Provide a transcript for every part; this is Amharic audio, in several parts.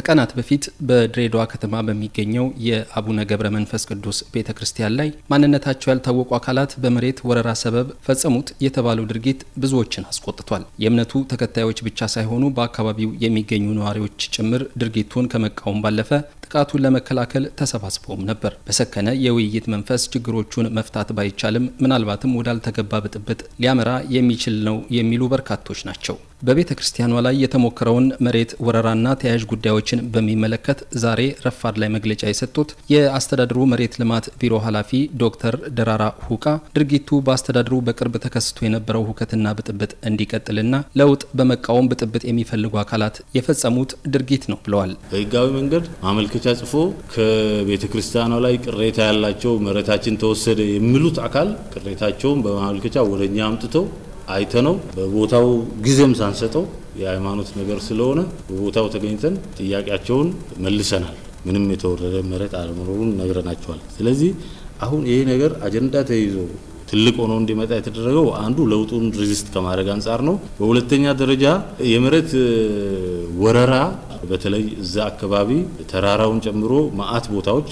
ከቀናት በፊት በድሬዳዋ ከተማ በሚገኘው የአቡነ ገብረ መንፈስ ቅዱስ ቤተ ክርስቲያን ላይ ማንነታቸው ያልታወቁ አካላት በመሬት ወረራ ሰበብ ፈጸሙት የተባለው ድርጊት ብዙዎችን አስቆጥቷል። የእምነቱ ተከታዮች ብቻ ሳይሆኑ በአካባቢው የሚገኙ ነዋሪዎች ጭምር ድርጊቱን ከመቃወም ባለፈ ጥቃቱን ለመከላከል ተሰባስበውም ነበር። በሰከነ የውይይት መንፈስ ችግሮቹን መፍታት ባይቻልም ምናልባትም ወዳልተገባ ብጥብጥ ሊያመራ የሚችል ነው የሚሉ በርካቶች ናቸው። በቤተ ክርስቲያኗ ላይ የተሞከረውን መሬት ወረራና ተያያዥ ጉዳዮችን በሚመለከት ዛሬ ረፋድ ላይ መግለጫ የሰጡት የአስተዳድሩ መሬት ልማት ቢሮ ኃላፊ ዶክተር ደራራ ሁቃ ድርጊቱ በአስተዳድሩ በቅርብ ተከስቶ የነበረው ሁከትና ብጥብጥ እንዲቀጥልና ለውጥ በመቃወም ብጥብጥ የሚፈልጉ አካላት የፈጸሙት ድርጊት ነው ብለዋል። በህጋዊ መንገድ ማመልከቻ ጽፎ ከቤተ ክርስቲያኗ ላይ ቅሬታ ያላቸው መሬታችን ተወሰደ የሚሉት አካል ቅሬታቸውን በማመልከቻ ወደኛ አምጥተው አይተ ነው በቦታው ጊዜም ሳንሰጠው የሃይማኖት ነገር ስለሆነ በቦታው ተገኝተን ጥያቄያቸውን መልሰናል። ምንም የተወረደ መሬት አለመኖሩን ነግረናቸዋል። ስለዚህ አሁን ይሄ ነገር አጀንዳ ተይዞ ትልቅ ሆኖ እንዲመጣ የተደረገው አንዱ ለውጡን ሪዚስት ከማድረግ አንጻር ነው። በሁለተኛ ደረጃ የመሬት ወረራ በተለይ እዛ አካባቢ ተራራውን ጨምሮ ማአት ቦታዎች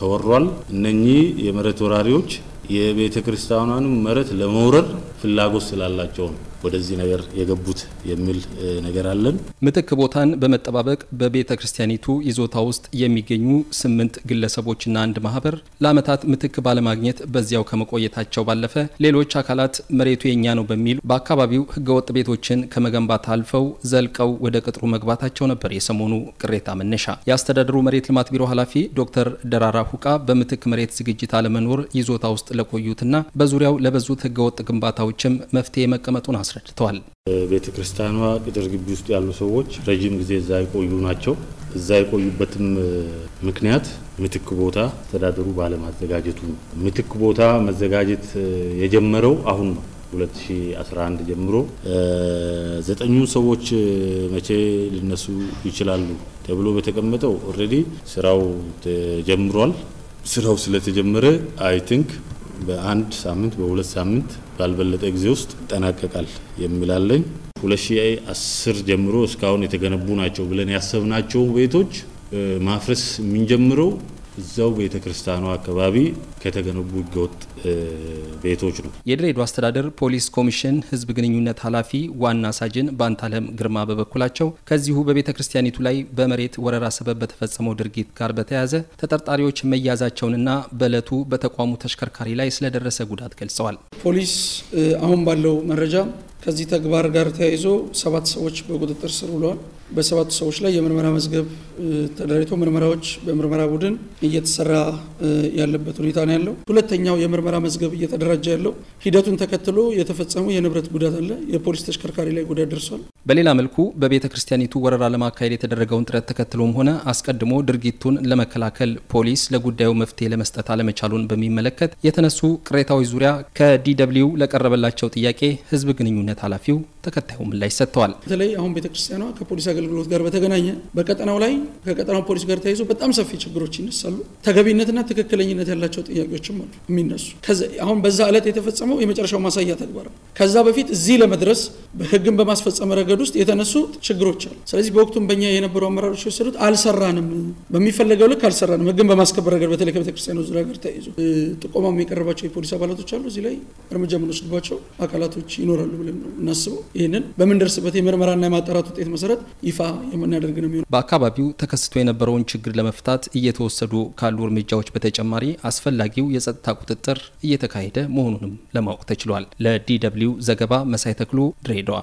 ተወሯል። እነኚህ የመሬት ወራሪዎች የቤተ ክርስቲያኗንም መሬት ለመውረር ፍላጎት ስላላቸው ነው። ወደዚህ ነገር የገቡት የሚል ነገር አለን። ምትክ ቦታን በመጠባበቅ በቤተ ክርስቲያኒቱ ይዞታ ውስጥ የሚገኙ ስምንት ግለሰቦችና አንድ ማህበር ለአመታት ምትክ ባለማግኘት በዚያው ከመቆየታቸው ባለፈ ሌሎች አካላት መሬቱ የኛ ነው በሚል በአካባቢው ህገወጥ ቤቶችን ከመገንባት አልፈው ዘልቀው ወደ ቅጥሩ መግባታቸው ነበር የሰሞኑ ቅሬታ መነሻ። የአስተዳደሩ መሬት ልማት ቢሮ ኃላፊ ዶክተር ደራራ ሁቃ በምትክ መሬት ዝግጅት አለመኖር ይዞታ ውስጥ ለቆዩትና በዙሪያው ለበዙት ህገወጥ ግንባታዎችም መፍትሄ መቀመጡን አስረ አስረድተዋል። ቤተ ክርስቲያኗ ቅጥር ግቢ ውስጥ ያሉ ሰዎች ረዥም ጊዜ እዛ የቆዩ ናቸው። እዛ የቆዩበትም ምክንያት ምትክ ቦታ አስተዳደሩ ባለማዘጋጀቱ ነው። ምትክ ቦታ መዘጋጀት የጀመረው አሁን ነው። 2011 ጀምሮ ዘጠኙ ሰዎች መቼ ሊነሱ ይችላሉ ተብሎ በተቀመጠው ኦልሬዲ ስራው ተጀምሯል። ስራው ስለተጀመረ አይ ቲንክ በአንድ ሳምንት በሁለት ሳምንት ባልበለጠ ጊዜ ውስጥ ይጠናቀቃል የሚላለኝ 2010 ጀምሮ እስካሁን የተገነቡ ናቸው ብለን ያሰብናቸው ቤቶች ማፍረስ የምንጀምረው እዛው ቤተ ክርስቲያኗ አካባቢ ከተገነቡ ህገወጥ ቤቶች ነው። የድሬዳዋ አስተዳደር ፖሊስ ኮሚሽን ህዝብ ግንኙነት ኃላፊ ዋና ሳጅን ባንታለም ግርማ በበኩላቸው ከዚሁ በቤተ ክርስቲያኒቱ ላይ በመሬት ወረራ ሰበብ በተፈጸመው ድርጊት ጋር በተያያዘ ተጠርጣሪዎች መያዛቸውንና በእለቱ በተቋሙ ተሽከርካሪ ላይ ስለደረሰ ጉዳት ገልጸዋል። ፖሊስ አሁን ባለው መረጃ ከዚህ ተግባር ጋር ተያይዞ ሰባት ሰዎች በቁጥጥር ስር ውለዋል። በሰባቱ ሰዎች ላይ የምርመራ መዝገብ ተደራጅቶ ምርመራዎች በምርመራ ቡድን እየተሰራ ያለበት ሁኔታ ነው ያለው። ሁለተኛው የምርመራ መዝገብ እየተደራጀ ያለው ሂደቱን ተከትሎ የተፈጸሙ የንብረት ጉዳት አለ። የፖሊስ ተሽከርካሪ ላይ ጉዳት ደርሷል። በሌላ መልኩ በቤተ ክርስቲያኒቱ ወረራ ለማካሄድ የተደረገውን ጥረት ተከትሎም ሆነ አስቀድሞ ድርጊቱን ለመከላከል ፖሊስ ለጉዳዩ መፍትሄ ለመስጠት አለመቻሉን በሚመለከት የተነሱ ቅሬታዎች ዙሪያ ከዲደብሊው ለቀረበላቸው ጥያቄ ህዝብ ግንኙነት ኃላፊው ተከታዩ ምላሽ ሰጥተዋል። በተለይ አሁን ቤተክርስቲያኗ ከፖሊስ አገልግሎት ጋር በተገናኘ በቀጠናው ላይ ከቀጠናው ፖሊስ ጋር ተያይዞ በጣም ሰፊ ችግሮች ይነሳሉ። ተገቢነትና ትክክለኝነት ያላቸው ጥያቄዎችም አሉ የሚነሱ አሁን በዛ ዕለት የተፈጸመው የመጨረሻው ማሳያ ተግባር ከዛ በፊት እዚህ ለመድረስ ህግን በማስፈጸም ረገድ ውስጥ የተነሱ ችግሮች አሉ። ስለዚህ በወቅቱም በኛ የነበሩ አመራሮች የወሰዱት አልሰራንም፣ በሚፈለገው ልክ አልሰራንም። ህግን በማስከበር ረገድ በተለይ ከቤተክርስቲያኑ ዙሪያ ጋር ተያይዞ ጥቆማ የቀረባቸው የፖሊስ አባላቶች አሉ። እዚህ ላይ እርምጃ ምንወስድባቸው አካላቶች ይኖራሉ ብለን ነው እናስበው። ይህንን በምንደርስበት የምርመራና የማጣራት ውጤት መሰረት ይፋ የምናደርግ ነው የሚሆነው። በአካባቢው ተከስቶ የነበረውን ችግር ለመፍታት እየተወሰዱ ካሉ እርምጃዎች በተጨማሪ አስፈላጊው የጸጥታ ቁጥጥር እየተካሄደ መሆኑንም ለማወቅ ተችሏል። ለዲ ደብልዩ ዘገባ መሳይ ተክሎ ድሬዳዋ